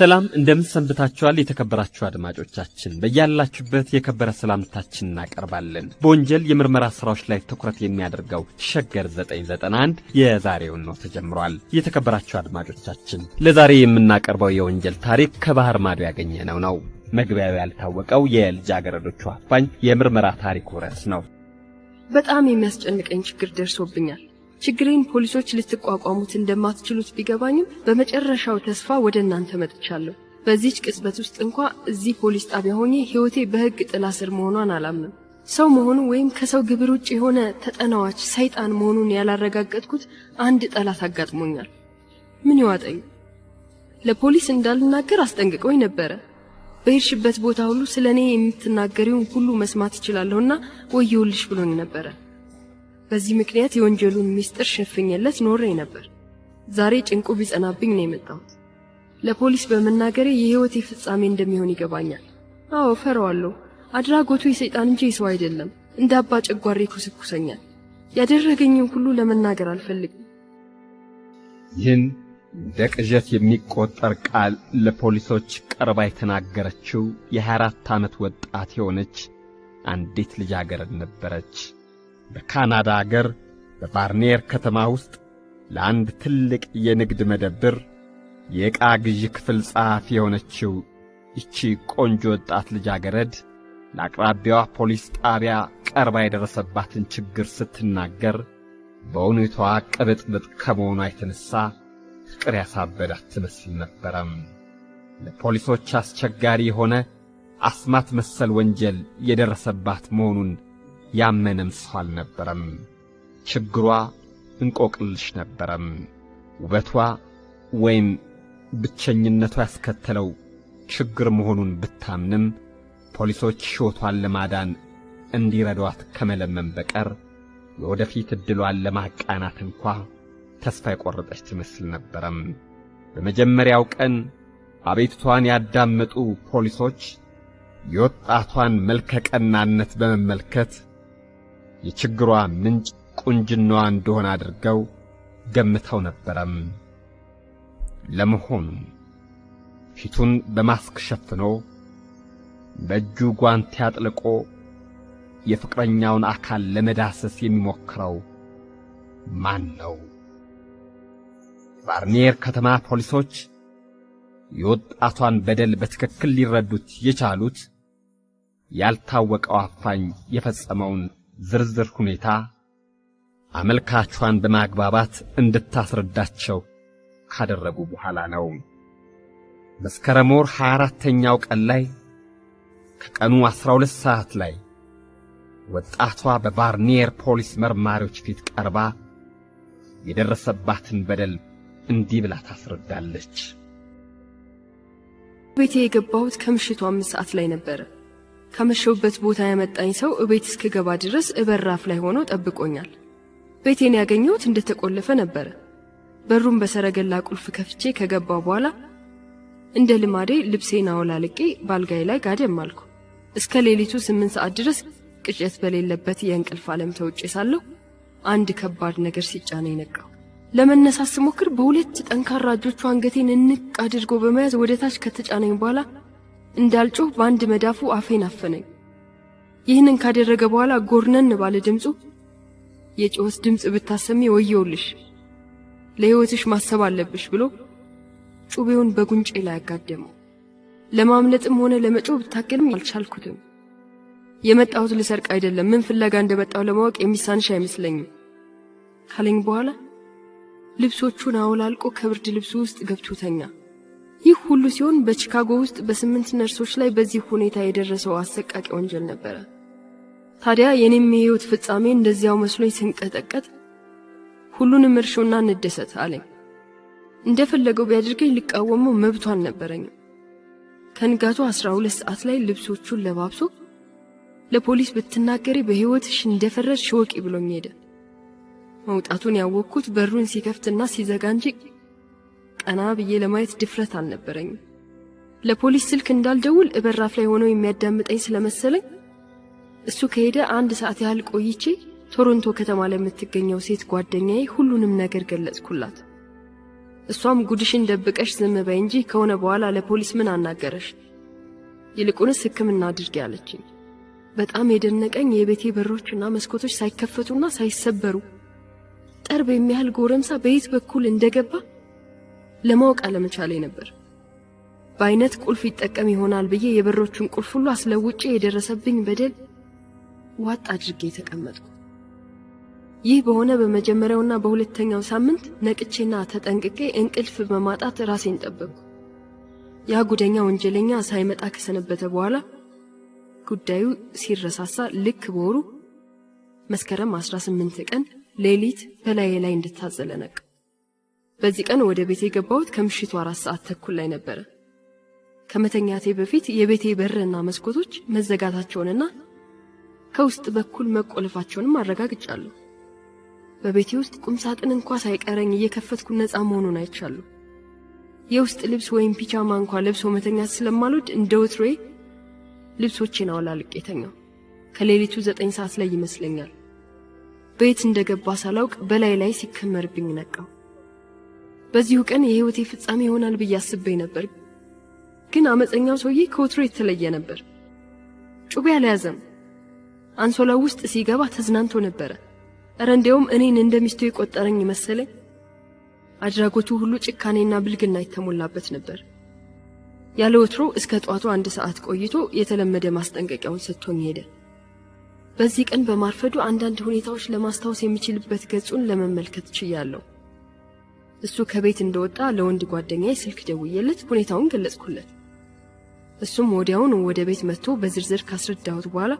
ሰላም እንደምን ሰንብታችኋል? የተከበራችሁ አድማጮቻችን በያላችሁበት የከበረ ሰላምታችን እናቀርባለን። በወንጀል የምርመራ ስራዎች ላይ ትኩረት የሚያደርገው ሸገር 991 የዛሬውን ነው ተጀምሯል። የተከበራችሁ አድማጮቻችን ለዛሬ የምናቀርበው የወንጀል ታሪክ ከባህር ማዶ ያገኘነው ነው። መግቢያው ያልታወቀው የልጃገረዶቹ አፋኝ የምርመራ ታሪኩ ርዕስ ነው። በጣም የሚያስጨንቀኝ ችግር ደርሶብኛል ችግሬን ፖሊሶች ልትቋቋሙት እንደማትችሉት ቢገባኝም በመጨረሻው ተስፋ ወደ እናንተ መጥቻለሁ። በዚች ቅጽበት ውስጥ እንኳ እዚህ ፖሊስ ጣቢያ ሆኜ ሕይወቴ በሕግ ጥላ ስር መሆኗን አላምንም። ሰው መሆኑ ወይም ከሰው ግብር ውጭ የሆነ ተጠናዋች ሰይጣን መሆኑን ያላረጋገጥኩት አንድ ጠላት አጋጥሞኛል። ምን ይዋጠኝ? ለፖሊስ እንዳልናገር አስጠንቅቀውኝ ነበረ። በሄድሽበት ቦታ ሁሉ ስለ እኔ የምትናገሪውን ሁሉ መስማት እችላለሁና ወየውልሽ ብሎኝ ነበረ። በዚህ ምክንያት የወንጀሉን ምስጢር ሸፍኜለት ኖሬ ነበር። ዛሬ ጭንቁ ቢጸናብኝ ነው የመጣሁት። ለፖሊስ በመናገሬ የህይወቴ ፍጻሜ እንደሚሆን ይገባኛል። አዎ ፈረዋለሁ። አድራጎቱ የሰይጣን እንጂ የሰው አይደለም። እንደ አባ ጨጓሬ ኩስኩሰኛል። ያደረገኝን ሁሉ ለመናገር አልፈልግም። ይህን እንደ ቅዠት የሚቆጠር ቃል ለፖሊሶች ቀርባ የተናገረችው የ24 ዓመት ወጣት የሆነች አንዲት ልጃገረድ ነበረች። በካናዳ አገር በባርኔር ከተማ ውስጥ ለአንድ ትልቅ የንግድ መደብር የዕቃ ግዢ ክፍል ጸሐፊ የሆነችው ይቺ ቆንጆ ወጣት ልጃገረድ ለአቅራቢያዋ ፖሊስ ጣቢያ ቀርባ የደረሰባትን ችግር ስትናገር በእውነቷ ቅብጥብጥ ከመሆኗ የተነሳ ፍቅር ያሳበዳት ትመስል ነበረም። ለፖሊሶች አስቸጋሪ የሆነ አስማት መሰል ወንጀል የደረሰባት መሆኑን ያመነም ሰው አልነበረም። ችግሯ እንቆቅልሽ ነበረም። ውበቷ ወይም ብቸኝነቷ ያስከተለው ችግር መሆኑን ብታምንም ፖሊሶች ሕይወቷን ለማዳን እንዲረዷት ከመለመን በቀር የወደፊት ዕድሏን ለማቃናት እንኳ ተስፋ የቈረጠች ትመስል ነበረም። በመጀመሪያው ቀን አቤቱቷን ያዳመጡ ፖሊሶች የወጣቷን መልከቀናነት በመመልከት የችግሯ ምንጭ ቁንጅናዋ እንደሆነ አድርገው ገምተው ነበረም። ለመሆኑ ፊቱን በማስክ ሸፍኖ በእጁ ጓንት ያጥልቆ የፍቅረኛውን አካል ለመዳሰስ የሚሞክረው ማን ነው? ባርኔር ከተማ ፖሊሶች የወጣቷን በደል በትክክል ሊረዱት የቻሉት ያልታወቀው አፋኝ የፈጸመውን ዝርዝር ሁኔታ አመልካቿን በማግባባት እንድታስረዳቸው ካደረጉ በኋላ ነው። መስከረም ወር 24ኛው ቀን ላይ ከቀኑ 12 ሰዓት ላይ ወጣቷ በባርኒየር ፖሊስ መርማሪዎች ፊት ቀርባ የደረሰባትን በደል እንዲህ ብላ ታስረዳለች። ቤቴ የገባሁት ከምሽቱ አምስት ሰዓት ላይ ነበር ከመሸውበት ቦታ ያመጣኝ ሰው እቤት እስክገባ ድረስ እበራፍ ላይ ሆኖ ጠብቆኛል። ቤቴን ያገኘሁት እንደተቆለፈ ነበረ። በሩን በሰረገላ ቁልፍ ከፍቼ ከገባ በኋላ እንደ ልማዴ ልብሴን አወላልቄ ባልጋይ ላይ ጋደም አልኩ። እስከ ሌሊቱ ስምንት ሰዓት ድረስ ቅጨት በሌለበት የእንቅልፍ ዓለም ተውጬ ሳለሁ አንድ ከባድ ነገር ሲጫነኝ ይነቃው። ለመነሳት ስሞክር በሁለት ጠንካራ እጆቹ አንገቴን እንቅ አድርጎ በመያዝ ወደ ታች ከተጫነኝ በኋላ እንዳልጮህ በአንድ መዳፉ አፌን አፈነኝ። ይህንን ካደረገ በኋላ ጎርነን ባለ ድምፁ የጩኸት ድምፅ ብታሰሚ ወየውልሽ፣ ለሕይወትሽ ማሰብ አለብሽ ብሎ ጩቤውን በጉንጬ ላይ አጋደመው። ለማምለጥም ሆነ ለመጮ ብታገልም አልቻልኩትም። የመጣሁት ልሰርቅ አይደለም፣ ምን ፍለጋ እንደመጣሁ ለማወቅ የሚሳንሽ አይመስለኝም ካለኝ በኋላ ልብሶቹን አውላልቆ ከብርድ ልብሱ ውስጥ ገብቶ ተኛ። ይህ ሁሉ ሲሆን በቺካጎ ውስጥ በስምንት ነርሶች ላይ በዚህ ሁኔታ የደረሰው አሰቃቂ ወንጀል ነበረ። ታዲያ የኔም የህይወት ፍጻሜ እንደዚያው መስሎኝ ስንቀጠቀጥ ሁሉንም እርሾና እንደሰት አለኝ። እንደፈለገው ቢያደርገኝ ልቃወመው መብቱ አልነበረኝም። ከንጋቱ 12 ሰዓት ላይ ልብሶቹን ለባብሶ ለፖሊስ ብትናገሪ በህይወትሽ እንደፈረድሽ ወቂ ብሎኝ ሄደ። መውጣቱን ያወቅኩት በሩን ሲከፍትና ሲዘጋ እንጂ ቀና ብዬ ለማየት ድፍረት አልነበረኝም። ለፖሊስ ስልክ እንዳልደውል እበራፍ ላይ ሆነው የሚያዳምጠኝ ስለመሰለኝ እሱ ከሄደ አንድ ሰዓት ያህል ቆይቼ ቶሮንቶ ከተማ ለምትገኘው ሴት ጓደኛዬ ሁሉንም ነገር ገለጽኩላት። እሷም ጉድሽን ደብቀሽ ዝም በይ እንጂ ከሆነ በኋላ ለፖሊስ ምን አናገረሽ? ይልቁንስ ሕክምና አድርጌ አለችኝ። በጣም የደነቀኝ የቤቴ በሮችና መስኮቶች ሳይከፈቱና ሳይሰበሩ ጠርብ የሚያህል ጎረምሳ በየት በኩል እንደገባ ለማወቅ አለመቻሌ ነበር። በአይነት ቁልፍ ይጠቀም ይሆናል ብዬ የበሮቹን ቁልፍ ሁሉ አስለውጬ የደረሰብኝ በደል ዋጥ አድርጌ ተቀመጥኩ። ይህ በሆነ በመጀመሪያውና በሁለተኛው ሳምንት ነቅቼና ተጠንቅቄ እንቅልፍ በማጣት ራሴን ጠበቅኩ። ያ ጉደኛ ወንጀለኛ ሳይመጣ ከሰነበተ በኋላ ጉዳዩ ሲረሳሳ ልክ በወሩ መስከረም 18 ቀን ሌሊት በላዬ ላይ እንድታዘለ ነቃ። በዚህ ቀን ወደ ቤቴ የገባሁት ከምሽቱ አራት ሰዓት ተኩል ላይ ነበረ። ከመተኛቴ በፊት የቤቴ በርና መስኮቶች መዘጋታቸውንና ከውስጥ በኩል መቆለፋቸውንም አረጋግጫለሁ። በቤቴ ውስጥ ቁምሳጥን እንኳ ሳይቀረኝ እየከፈትኩ ነፃ መሆኑን አይቻለሁ። የውስጥ ልብስ ወይም ፒጃማ እንኳ ለብሶ መተኛት ስለማልወድ እንደ ወትሬ ልብሶቼን አውላልቄ ተኛው። ከሌሊቱ ዘጠኝ ሰዓት ላይ ይመስለኛል። ቤት እንደገባ ሳላውቅ በላይ ላይ ሲከመርብኝ ነቃው። በዚሁ ቀን የህይወቴ ፍጻሜ ይሆናል ብዬ አስቤ ነበር። ግን አመፀኛው ሰውዬ ከወትሮ የተለየ ነበር። ጩቤ አልያዘም። አንሶላው ውስጥ ሲገባ ተዝናንቶ ነበረ። እረ እንዲያውም እኔን እንደ ሚስቱ የቆጠረኝ መሰለኝ። አድራጎቱ ሁሉ ጭካኔና ብልግና የተሞላበት ነበር። ያለ ወትሮ እስከ ጧቱ አንድ ሰዓት ቆይቶ የተለመደ ማስጠንቀቂያውን ሰጥቶኝ ሄደ። በዚህ ቀን በማርፈዱ አንዳንድ ሁኔታዎች ለማስታወስ የሚችልበት ገጹን ለመመልከት ችያለሁ። እሱ ከቤት እንደወጣ ለወንድ ጓደኛዬ ስልክ ደውዬለት ሁኔታውን ገለጽኩለት። እሱም ወዲያውን ወደ ቤት መጥቶ በዝርዝር ካስረዳሁት በኋላ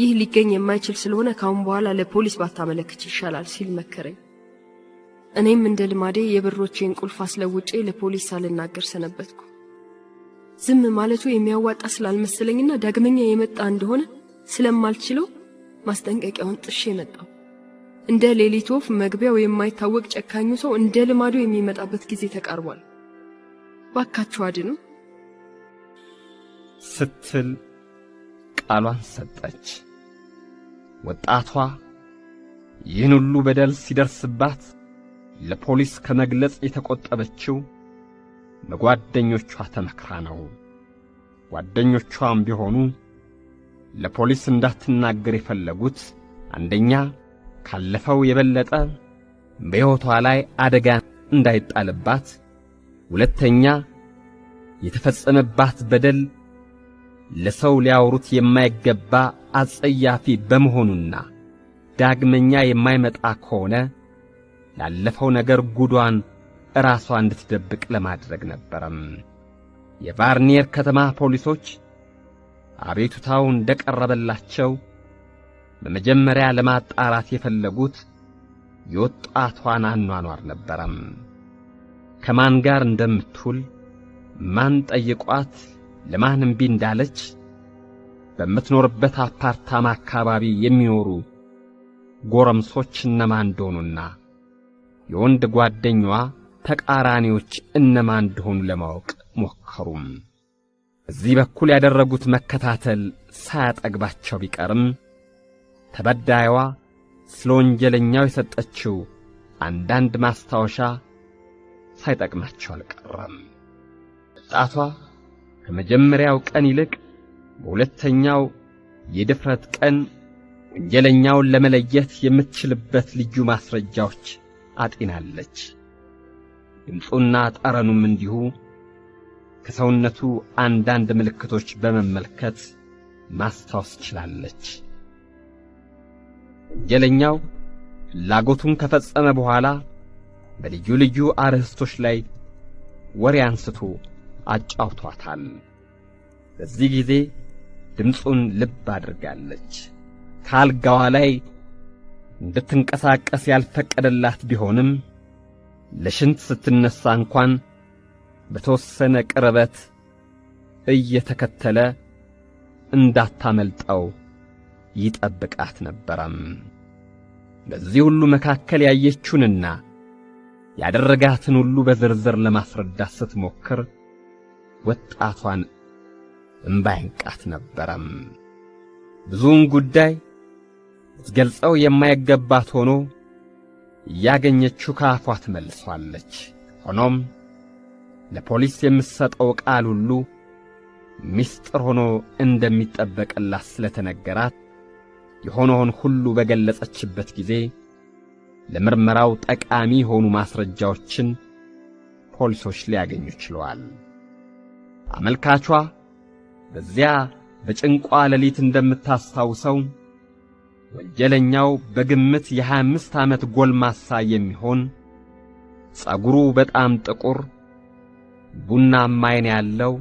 ይህ ሊገኝ የማይችል ስለሆነ ካሁን በኋላ ለፖሊስ ባታመለክች ይሻላል ሲል መከረኝ። እኔም እንደ ልማዴ የብሮቼን ቁልፍ አስለውጬ ለፖሊስ ሳልናገር ሰነበትኩ። ዝም ማለቱ የሚያዋጣ ስላልመሰለኝና ዳግመኛ የመጣ እንደሆነ ስለማልችለው ማስጠንቀቂያውን ጥሼ መጣሁ። እንደ ሌሊት ወፍ መግቢያው የማይታወቅ ጨካኙ ሰው እንደ ልማዱ የሚመጣበት ጊዜ ተቃርቧል። ባካችሁ አድኑ ስትል ቃሏን ሰጠች። ወጣቷ ይህን ሁሉ በደል ሲደርስባት ለፖሊስ ከመግለጽ የተቆጠበችው በጓደኞቿ ተመክራ ነው። ጓደኞቿም ቢሆኑ ለፖሊስ እንዳትናገር የፈለጉት አንደኛ ካለፈው የበለጠ በሕይወቷ ላይ አደጋ እንዳይጣልባት፣ ሁለተኛ የተፈጸመባት በደል ለሰው ሊያወሩት የማይገባ አጸያፊ በመሆኑና ዳግመኛ የማይመጣ ከሆነ ላለፈው ነገር ጉዷን ራሷ እንድትደብቅ ለማድረግ ነበረም። የቫርኒየር ከተማ ፖሊሶች አቤቱታው እንደቀረበላቸው በመጀመሪያ ለማጣራት የፈለጉት የወጣቷን አኗኗር ነበረም። ከማን ጋር እንደምትውል ማን ጠይቋት ለማን እምቢ እንዳለች በምትኖርበት አፓርታማ አካባቢ የሚኖሩ ጎረምሶች እነማን እንደሆኑና የወንድ ጓደኛዋ ተቃራኒዎች እነማን እንደሆኑ ለማወቅ ሞከሩም። እዚህ በኩል ያደረጉት መከታተል ሳያጠግባቸው ቢቀርም ተበዳይዋ ስለ ወንጀለኛው የሰጠችው አንዳንድ ማስታወሻ ሳይጠቅማቸው አልቀረም። ወጣቷ ከመጀመሪያው ቀን ይልቅ በሁለተኛው የድፍረት ቀን ወንጀለኛውን ለመለየት የምትችልበት ልዩ ማስረጃዎች አጢናለች። ድምፁና ጠረኑም እንዲሁ ከሰውነቱ አንዳንድ ምልክቶች በመመልከት ማስታወስ ችላለች። ወንጀለኛው ፍላጎቱን ከፈጸመ በኋላ በልዩ ልዩ አርዕስቶች ላይ ወሬ አንስቶ አጫውቷታል። በዚህ ጊዜ ድምፁን ልብ አድርጋለች። ከአልጋዋ ላይ እንድትንቀሳቀስ ያልፈቀደላት ቢሆንም ለሽንት ስትነሳ እንኳን በተወሰነ ቅርበት እየተከተለ እንዳታመልጠው ይጠብቃት ነበረም። በዚህ ሁሉ መካከል ያየችውንና ያደረጋትን ሁሉ በዝርዝር ለማስረዳት ስትሞክር ወጣቷን እምባ ያንቃት ነበረም። ብዙውን ጉዳይ ልትገልጸው የማይገባት ሆኖ እያገኘችው ከአፏ ትመልሷለች። ሆኖም ለፖሊስ የምትሰጠው ቃል ሁሉ ምስጢር ሆኖ እንደሚጠበቅላት ስለተነገራት የሆነውን ሁሉ በገለጸችበት ጊዜ ለምርመራው ጠቃሚ የሆኑ ማስረጃዎችን ፖሊሶች ሊያገኙ ችለዋል። አመልካቿ በዚያ በጭንቋ ሌሊት እንደምታስታውሰው ወንጀለኛው በግምት 25 አምስት ዓመት ጎልማሳ የሚሆን ጸጉሩ በጣም ጥቁር ቡናማ ዓይን ያለው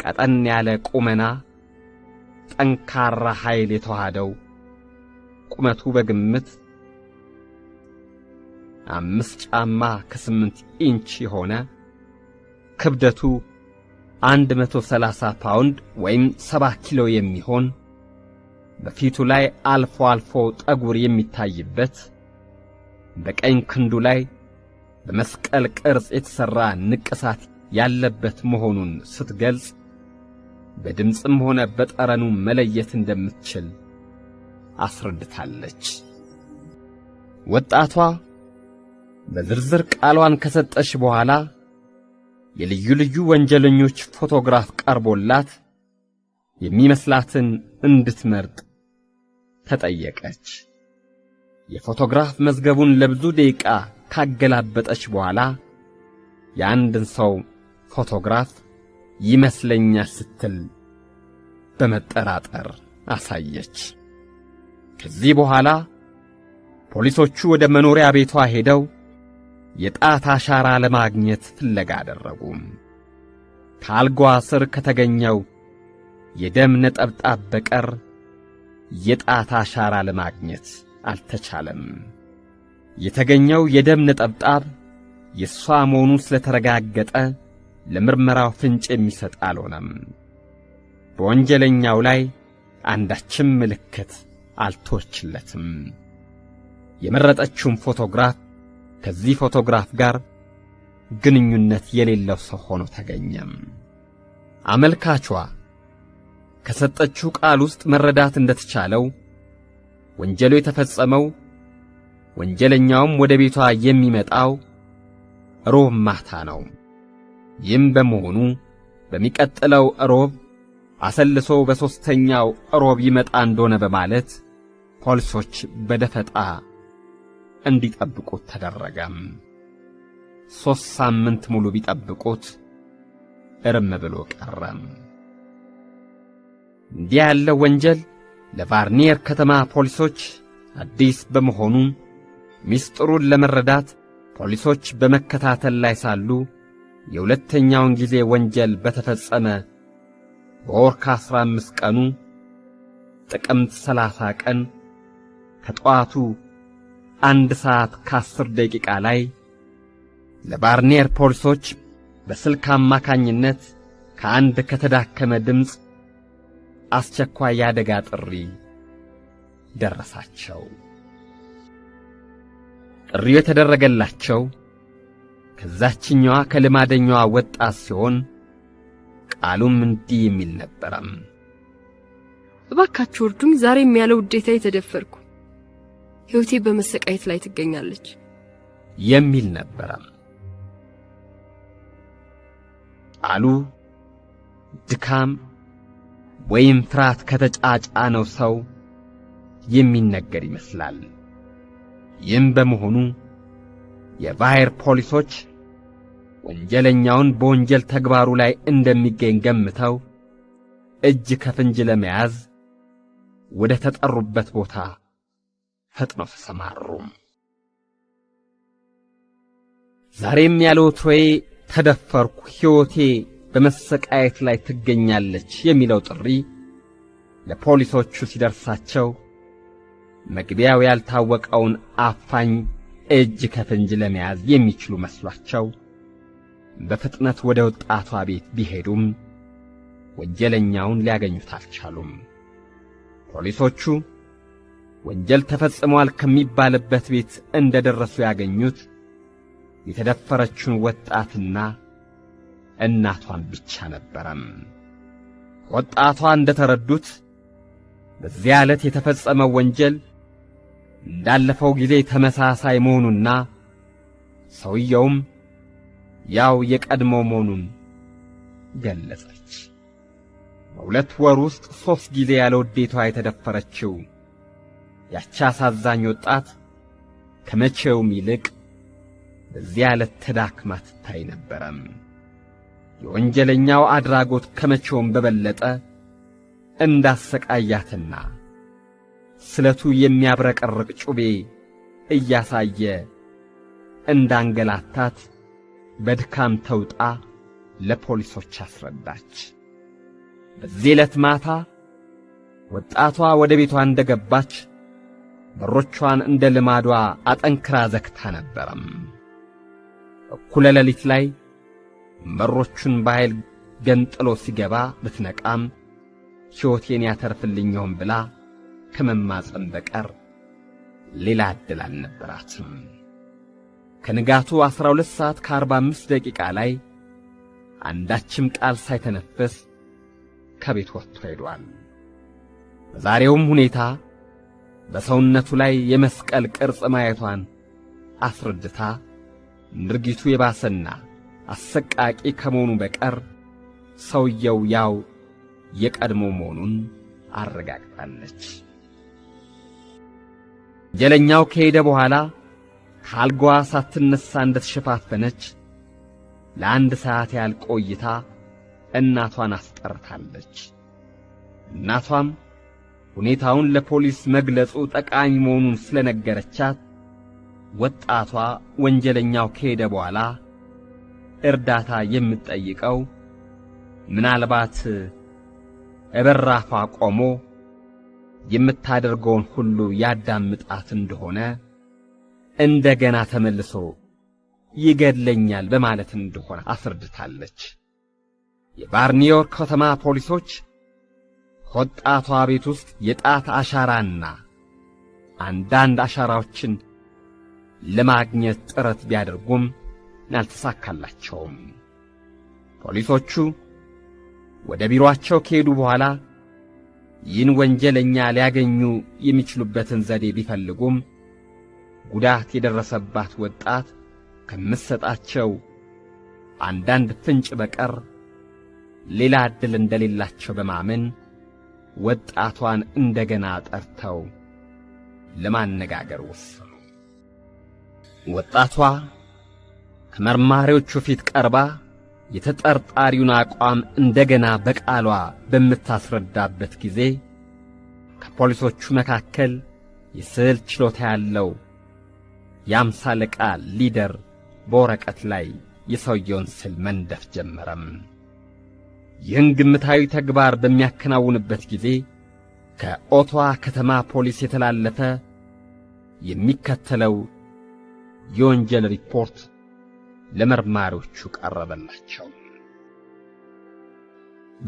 ቀጠን ያለ ቁመና ጠንካራ ኃይል የተዋሃደው ቁመቱ በግምት አምስት ጫማ ከስምንት ኢንች የሆነ ክብደቱ አንድ መቶ ሰላሳ ፓውንድ ወይም ሰባ ኪሎ የሚሆን በፊቱ ላይ አልፎ አልፎ ጠጉር የሚታይበት በቀኝ ክንዱ ላይ በመስቀል ቅርጽ የተሠራ ንቅሳት ያለበት መሆኑን ስትገልጽ በድምፅም ሆነ በጠረኑ መለየት እንደምትችል አስረድታለች። ወጣቷ በዝርዝር ቃሏን ከሰጠች በኋላ የልዩ ልዩ ወንጀለኞች ፎቶግራፍ ቀርቦላት የሚመስላትን እንድትመርጥ ተጠየቀች። የፎቶግራፍ መዝገቡን ለብዙ ደቂቃ ካገላበጠች በኋላ የአንድን ሰው ፎቶግራፍ ይመስለኛል ስትል በመጠራጠር አሳየች። ከዚህ በኋላ ፖሊሶቹ ወደ መኖሪያ ቤቷ ሄደው የጣት አሻራ ለማግኘት ፍለጋ አደረጉ። ከአልጋዋ ስር ከተገኘው የደም ነጠብጣብ በቀር የጣት አሻራ ለማግኘት አልተቻለም። የተገኘው የደም ነጠብጣብ የእሷ መሆኑ ስለተረጋገጠ ለምርመራው ፍንጭ የሚሰጥ አልሆነም። በወንጀለኛው ላይ አንዳችም ምልክት አልተወችለትም። የመረጠችውን ፎቶግራፍ ከዚህ ፎቶግራፍ ጋር ግንኙነት የሌለው ሰው ሆኖ ተገኘም። አመልካቿ ከሰጠችው ቃል ውስጥ መረዳት እንደተቻለው ወንጀሉ የተፈጸመው ወንጀለኛውም ወደ ቤቷ የሚመጣው ሮብ ማታ ነው። ይህም በመሆኑ በሚቀጥለው ሮብ አሰልሶ በሦስተኛው ሮብ ይመጣ እንደሆነ በማለት ፖሊሶች በደፈጣ እንዲጠብቁት ተደረገም። ሦስት ሳምንት ሙሉ ቢጠብቁት እርም ብሎ ቀረም። እንዲህ ያለው ወንጀል ለቫርኒየር ከተማ ፖሊሶች አዲስ በመሆኑ ምስጢሩን ለመረዳት ፖሊሶች በመከታተል ላይ ሳሉ የሁለተኛውን ጊዜ ወንጀል በተፈጸመ በወር ከአሥራ አምስት ቀኑ ጥቅምት ሰላሳ ቀን ከጠዋቱ አንድ ሰዓት ከአስር ደቂቃ ላይ ለባርኔር ፖሊሶች በስልክ አማካኝነት ከአንድ ከተዳከመ ድምፅ አስቸኳይ የአደጋ ጥሪ ደረሳቸው። ጥሪው የተደረገላቸው ከዛችኛዋ ከልማደኛዋ ወጣት ሲሆን ቃሉም እንዲህ የሚል ነበረም። እባካችሁ እርዱኝ፣ ዛሬም የሚያለው ውዴታ የተደፈርኩ ሕይወቴ በመሰቃየት ላይ ትገኛለች የሚል ነበረም። ቃሉ ድካም ወይም ፍርሃት ከተጫጫነው ሰው የሚነገር ይመስላል። ይህም በመሆኑ የባየር ፖሊሶች ወንጀለኛውን በወንጀል ተግባሩ ላይ እንደሚገኝ ገምተው እጅ ከፍንጅ ለመያዝ ወደ ተጠሩበት ቦታ ፈጥነው ተሰማሩም። ዛሬም ያለ ወትሮዬ ተደፈርኩ፣ ሕይወቴ በመሰቃየት ላይ ትገኛለች የሚለው ጥሪ ለፖሊሶቹ ሲደርሳቸው መግቢያው ያልታወቀውን አፋኝ እጅ ከፍንጅ ለመያዝ የሚችሉ መስሏቸው በፍጥነት ወደ ወጣቷ ቤት ቢሄዱም ወንጀለኛውን ሊያገኙት አልቻሉም። ፖሊሶቹ ወንጀል ተፈጽሟል ከሚባልበት ቤት እንደደረሱ ያገኙት የተደፈረችውን ወጣትና እናቷን ብቻ ነበረም። ወጣቷ እንደተረዱት በዚያ ዕለት የተፈጸመው ወንጀል እንዳለፈው ጊዜ ተመሳሳይ መሆኑና ሰውየውም ያው የቀድሞ መሆኑን ገለጸች። በሁለት ወር ውስጥ ሦስት ጊዜ ያለ ውዴቷ የተደፈረችው ያቺ አሳዛኝ ወጣት ከመቼውም ይልቅ በዚህ ዕለት ተዳክማ ትታይ ነበረም። የወንጀለኛው አድራጎት ከመቼውም በበለጠ እንዳሰቃያትና ስለቱ የሚያብረቀርቅ ጩቤ እያሳየ እንዳንገላታት በድካም ተውጣ ለፖሊሶች አስረዳች። በዚህ ዕለት ማታ ወጣቷ ወደ ቤቷ እንደ ገባች በሮቿን እንደ ልማዷ አጠንክራ ዘግታ ነበረም። እኩለ ሌሊት ላይ በሮቹን በኃይል ገንጥሎ ሲገባ ብትነቃም ሕይወቴን ያተርፍልኝ ይሆን ብላ ከመማፀን በቀር ሌላ ዕድል አልነበራትም። ከንጋቱ 12 ሰዓት ከ45 ደቂቃ ላይ አንዳችም ቃል ሳይተነፈስ ከቤት ወጥቶ ሄዷል። በዛሬውም ሁኔታ በሰውነቱ ላይ የመስቀል ቅርጽ ማየቷን አስረድታ ድርጊቱ የባሰና አሰቃቂ ከመሆኑ በቀር ሰውየው ያው የቀድሞ መሆኑን አረጋግጣለች። ወንጀለኛው ከሄደ በኋላ ካልጓ ሳትነሳ እንደተሸፋፈነች ለአንድ ሰዓት ያህል ቆይታ እናቷን አስጠርታለች። እናቷም ሁኔታውን ለፖሊስ መግለጹ ጠቃሚ መሆኑን ስለነገረቻት ወጣቷ ወንጀለኛው ከሄደ በኋላ እርዳታ የምትጠይቀው ምናልባት እበራፏ ቆሞ የምታደርገውን ሁሉ ያዳምጣት እንደሆነ እንደገና ተመልሶ ይገድለኛል በማለት እንደሆነ አስረድታለች። የባርኒዮር ከተማ ፖሊሶች ከወጣቷ ቤት ውስጥ የጣት አሻራና አንዳንድ አሻራዎችን ለማግኘት ጥረት ቢያደርጉም አልተሳካላቸውም። ፖሊሶቹ ወደ ቢሮአቸው ከሄዱ በኋላ ይህን ወንጀለኛ ሊያገኙ የሚችሉበትን ዘዴ ቢፈልጉም ጉዳት የደረሰባት ወጣት ከምትሰጣቸው አንዳንድ ፍንጭ በቀር ሌላ ዕድል እንደሌላቸው በማመን ወጣቷን እንደገና ጠርተው ለማነጋገር ወሰኑ። ወጣቷ ከመርማሪዎቹ ፊት ቀርባ የተጠርጣሪውን አቋም እንደገና በቃሏ በምታስረዳበት ጊዜ ከፖሊሶቹ መካከል የስዕል ችሎታ ያለው የአምሳ አለቃ ሊደር በወረቀት ላይ የሰውየውን ስዕል መንደፍ ጀመረም። ይህን ግምታዊ ተግባር በሚያከናውንበት ጊዜ ከኦቶዋ ከተማ ፖሊስ የተላለፈ የሚከተለው የወንጀል ሪፖርት ለመርማሪዎቹ ቀረበላቸው።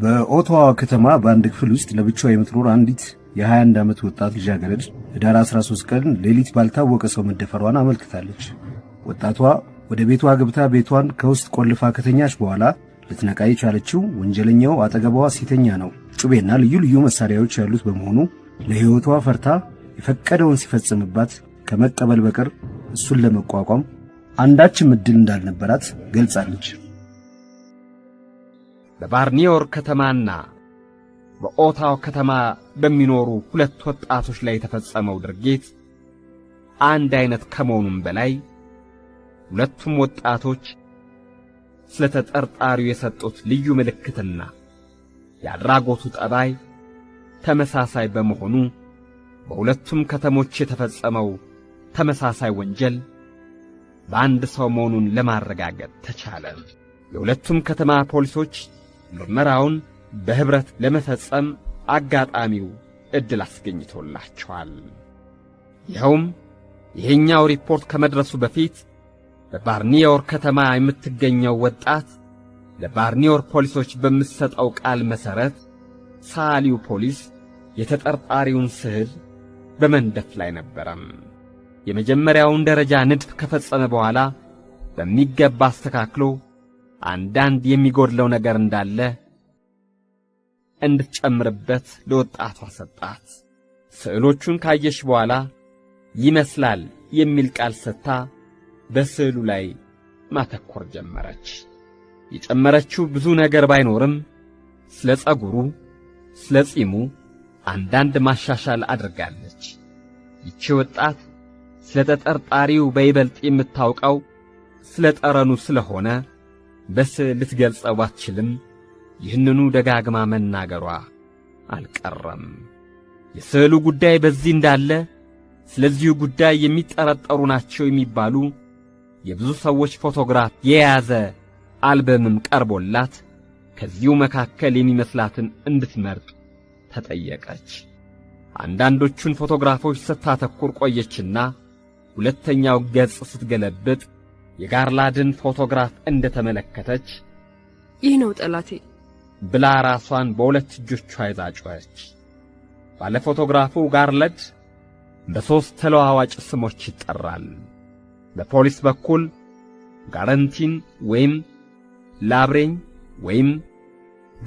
በኦቶዋ ከተማ በአንድ ክፍል ውስጥ ለብቻዋ የምትኖር አንዲት የ21 ዓመት ወጣት ልጃገረድ ህዳር 13 ቀን ሌሊት ባልታወቀ ሰው መደፈሯን አመልክታለች። ወጣቷ ወደ ቤቷ ገብታ ቤቷን ከውስጥ ቆልፋ ከተኛች በኋላ ልትነቃ የቻለችው ወንጀለኛው አጠገቧ ሲተኛ ነው። ጩቤና ልዩ ልዩ መሳሪያዎች ያሉት በመሆኑ ለሕይወቷ ፈርታ የፈቀደውን ሲፈጽምባት ከመቀበል በቀር እሱን ለመቋቋም አንዳችም እድል እንዳልነበራት ገልጻለች። በባርኒዮር ከተማና በኦታው ከተማ በሚኖሩ ሁለት ወጣቶች ላይ የተፈጸመው ድርጊት አንድ አይነት ከመሆኑም በላይ ሁለቱም ወጣቶች ስለ ተጠርጣሪው የሰጡት ልዩ ምልክትና የአድራጎቱ ጠባይ ተመሳሳይ በመሆኑ በሁለቱም ከተሞች የተፈጸመው ተመሳሳይ ወንጀል በአንድ ሰው መሆኑን ለማረጋገጥ ተቻለ። የሁለቱም ከተማ ፖሊሶች ምርመራውን በኅብረት ለመፈጸም አጋጣሚው ዕድል አስገኝቶላቸዋል። ይኸውም ይሄኛው ሪፖርት ከመድረሱ በፊት በባርኒዮር ከተማ የምትገኘው ወጣት ለባርኒዮር ፖሊሶች በምትሰጠው ቃል መሠረት ሳሊው ፖሊስ የተጠርጣሪውን ስዕል በመንደፍ ላይ ነበረም። የመጀመሪያውን ደረጃ ንድፍ ከፈጸመ በኋላ በሚገባ አስተካክሎ አንዳንድ የሚጎድለው ነገር እንዳለ እንድትጨምርበት ለወጣቷ ሰጣት። ስዕሎቹን ካየሽ በኋላ ይመስላል የሚል ቃል ሰጥታ በስዕሉ ላይ ማተኮር ጀመረች። የጨመረችው ብዙ ነገር ባይኖርም ስለ ጸጉሩ፣ ስለ ጺሙ አንዳንድ ማሻሻል አድርጋለች። ይቺ ወጣት ስለ ተጠርጣሪው በይበልጥ የምታውቀው ስለ ጠረኑ ስለሆነ በስዕል ልትገልጸው አትችልም። ይህንኑ ደጋግማ መናገሯ አልቀረም። የስዕሉ ጉዳይ በዚህ እንዳለ ስለዚሁ ጉዳይ የሚጠረጠሩ ናቸው የሚባሉ የብዙ ሰዎች ፎቶግራፍ የያዘ አልበምም ቀርቦላት ከዚሁ መካከል የሚመስላትን እንድትመርጥ ተጠየቀች። አንዳንዶቹን ፎቶግራፎች ስታተኩር ቆየችና ሁለተኛው ገጽ ስትገለብጥ የጋርላድን ፎቶግራፍ እንደ ተመለከተች ይህ ነው ጠላቴ ብላ ራሷን በሁለት እጆቿ ይዛ ጮኸች። ባለ ፎቶግራፉ ጋርለድ በሦስት ተለዋዋጭ ስሞች ይጠራል። በፖሊስ በኩል ጋረንቲን ወይም ላብሬኝ ወይም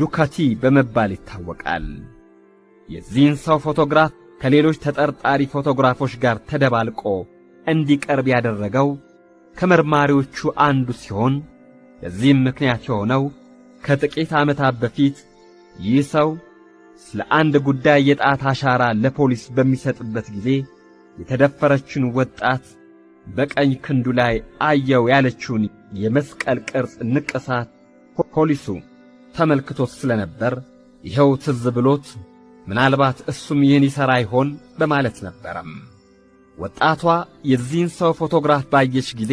ዱካቲ በመባል ይታወቃል። የዚህን ሰው ፎቶግራፍ ከሌሎች ተጠርጣሪ ፎቶግራፎች ጋር ተደባልቆ እንዲቀርብ ያደረገው ከመርማሪዎቹ አንዱ ሲሆን ለዚህም ምክንያት የሆነው ከጥቂት ዓመታት በፊት ይህ ሰው ስለ አንድ ጉዳይ የጣት አሻራ ለፖሊስ በሚሰጥበት ጊዜ የተደፈረችን ወጣት በቀኝ ክንዱ ላይ አየው ያለችውን የመስቀል ቅርጽ ንቅሳት ፖሊሱ ተመልክቶት ስለነበር ይኸው ትዝ ብሎት ምናልባት እሱም ይህን ይሠራ ይሆን በማለት ነበረም። ወጣቷ የዚህን ሰው ፎቶግራፍ ባየች ጊዜ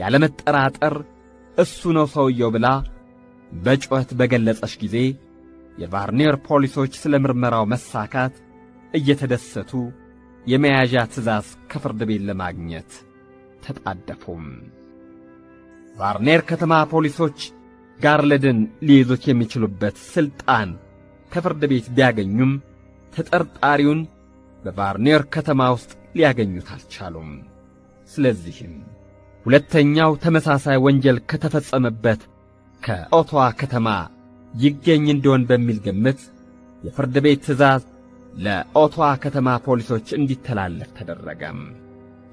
ያለመጠራጠር እሱ ነው ሰውየው ብላ በጩኸት በገለጸች ጊዜ የቫርኔር ፖሊሶች ስለ ምርመራው መሳካት እየተደሰቱ የመያዣ ትእዛዝ ከፍርድ ቤት ለማግኘት ተጣደፉም። ቫርኔር ከተማ ፖሊሶች ጋርለድን ሊይዙት የሚችሉበት ሥልጣን ከፍርድ ቤት ቢያገኙም ተጠርጣሪውን በባርኔር ከተማ ውስጥ ሊያገኙት አልቻሉም። ስለዚህም ሁለተኛው ተመሳሳይ ወንጀል ከተፈጸመበት ከኦቶዋ ከተማ ይገኝ እንደሆን በሚል ግምት የፍርድ ቤት ትእዛዝ ለኦቶዋ ከተማ ፖሊሶች እንዲተላለፍ ተደረገም።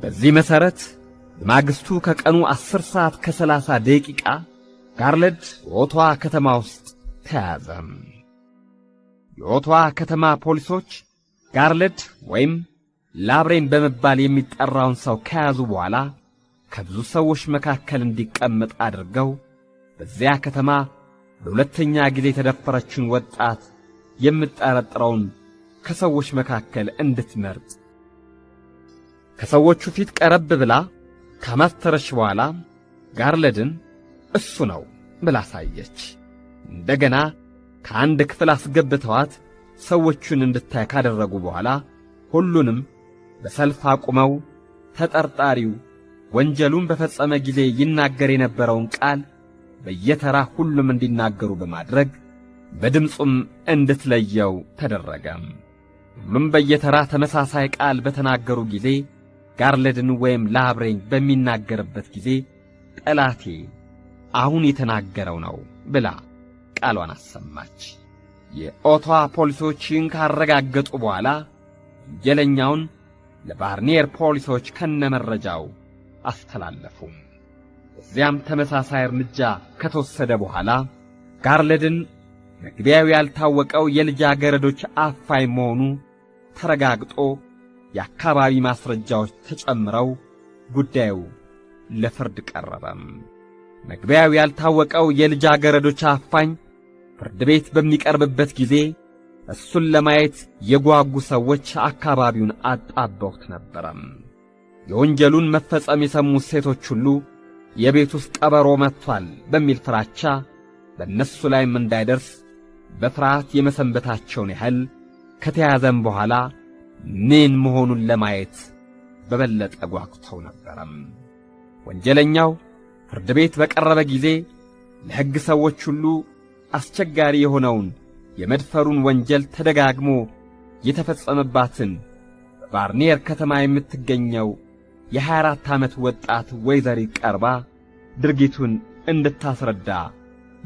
በዚህ መሠረት በማግስቱ ከቀኑ ዐሥር ሰዓት ከሰላሳ ደቂቃ ጋርለድ በኦቶዋ ከተማ ውስጥ ተያዘም። የኦቶዋ ከተማ ፖሊሶች ጋርለድ ወይም ላብሬን በመባል የሚጠራውን ሰው ከያዙ በኋላ ከብዙ ሰዎች መካከል እንዲቀመጥ አድርገው በዚያ ከተማ ለሁለተኛ ጊዜ የተደፈረችውን ወጣት የምጠረጥረውን ከሰዎች መካከል እንድትመርጥ ከሰዎቹ ፊት ቀረብ ብላ ካማተረች በኋላ ጋርለድን እሱ ነው ብላ ሳየች እንደገና ከአንድ ክፍል አስገብተዋት ሰዎቹን እንድታይ ካደረጉ በኋላ ሁሉንም በሰልፍ አቁመው ተጠርጣሪው ወንጀሉን በፈጸመ ጊዜ ይናገር የነበረውን ቃል በየተራ ሁሉም እንዲናገሩ በማድረግ በድምፁም እንድትለየው ተደረገም። ሁሉም በየተራ ተመሳሳይ ቃል በተናገሩ ጊዜ ጋርለድን ወይም ላብሬኝ በሚናገርበት ጊዜ ጠላቴ አሁን የተናገረው ነው ብላ ቃሏን አሰማች። የኦቷ ፖሊሶችን ካረጋገጡ በኋላ ወንጀለኛውን ለባርኒየር ፖሊሶች ከነመረጃው አስተላለፉ። እዚያም ተመሳሳይ እርምጃ ከተወሰደ በኋላ ጋርለድን መግቢያው ያልታወቀው የልጃገረዶች አፋኝ መሆኑ ተረጋግጦ የአካባቢ ማስረጃዎች ተጨምረው ጉዳዩ ለፍርድ ቀረበም። መግቢያው ያልታወቀው የልጃገረዶች አፋኝ ፍርድ ቤት በሚቀርብበት ጊዜ እሱን ለማየት የጓጉ ሰዎች አካባቢውን አጣበውት ነበረም። የወንጀሉን መፈጸም የሰሙት ሴቶች ሁሉ የቤት ውስጥ ቀበሮ መጥቷል በሚል ፍራቻ በእነሱ ላይም እንዳይደርስ በፍርሃት የመሰንበታቸውን ያህል ከተያዘም በኋላ ምን መሆኑን ለማየት በበለጠ ጓጉተው ነበረም። ወንጀለኛው ፍርድ ቤት በቀረበ ጊዜ ለሕግ ሰዎች ሁሉ አስቸጋሪ የሆነውን የመድፈሩን ወንጀል ተደጋግሞ የተፈጸመባትን ባርኒየር ከተማ የምትገኘው የ24 ዓመት ወጣት ወይዘሪት ቀርባ ድርጊቱን እንድታስረዳ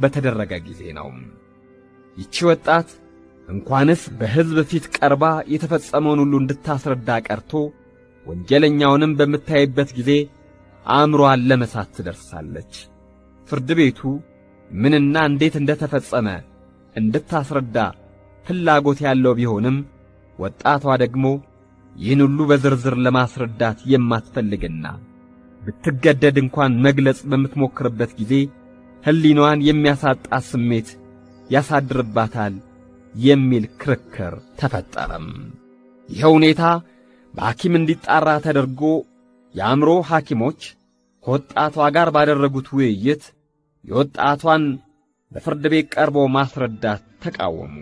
በተደረገ ጊዜ ነው። ይቺ ወጣት እንኳንስ በሕዝብ ፊት ቀርባ የተፈጸመውን ሁሉ እንድታስረዳ ቀርቶ ወንጀለኛውንም በምታይበት ጊዜ አእምሮዋን ለመሳት ትደርሳለች። ፍርድ ቤቱ ምንና እንዴት እንደተፈጸመ እንድታስረዳ ፍላጎት ያለው ቢሆንም ወጣቷ ደግሞ ይህን ሁሉ በዝርዝር ለማስረዳት የማትፈልግና ብትገደድ እንኳን መግለጽ በምትሞክርበት ጊዜ ሕሊናዋን የሚያሳጣ ስሜት ያሳድርባታል የሚል ክርክር ተፈጠረም። ይህ ሁኔታ በሐኪም እንዲጣራ ተደርጎ የአእምሮ ሐኪሞች ከወጣቷ ጋር ባደረጉት ውይይት የወጣቷን ለፍርድ ቤት ቀርቦ ማስረዳት ተቃወሙ።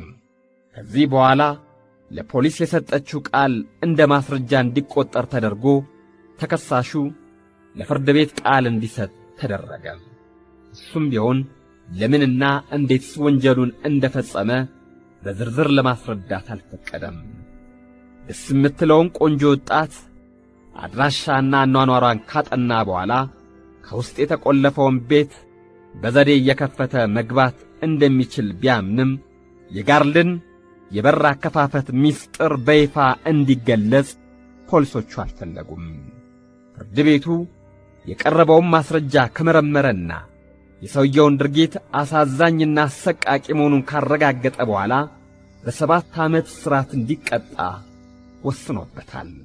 ከዚህ በኋላ ለፖሊስ የሰጠችው ቃል እንደ ማስረጃ እንዲቆጠር ተደርጎ ተከሳሹ ለፍርድ ቤት ቃል እንዲሰጥ ተደረገ። እሱም ቢሆን ለምንና እንዴትስ ወንጀሉን ፈጸመ በዝርዝር ለማስረዳት አልፈቀደም። ደስ የምትለውን ቆንጆ ወጣት አድራሻና አኗኗሯን ካጠና በኋላ ከውስጥ የተቆለፈውን ቤት በዘዴ እየከፈተ መግባት እንደሚችል ቢያምንም የጋርልን የበር አከፋፈት ምስጢር በይፋ እንዲገለጽ ፖሊሶቹ አልፈለጉም። ፍርድ ቤቱ የቀረበውን ማስረጃ ከመረመረና የሰውየውን ድርጊት አሳዛኝና አሰቃቂ መሆኑን ካረጋገጠ በኋላ በሰባት ዓመት ስራት እንዲቀጣ ወስኖበታል።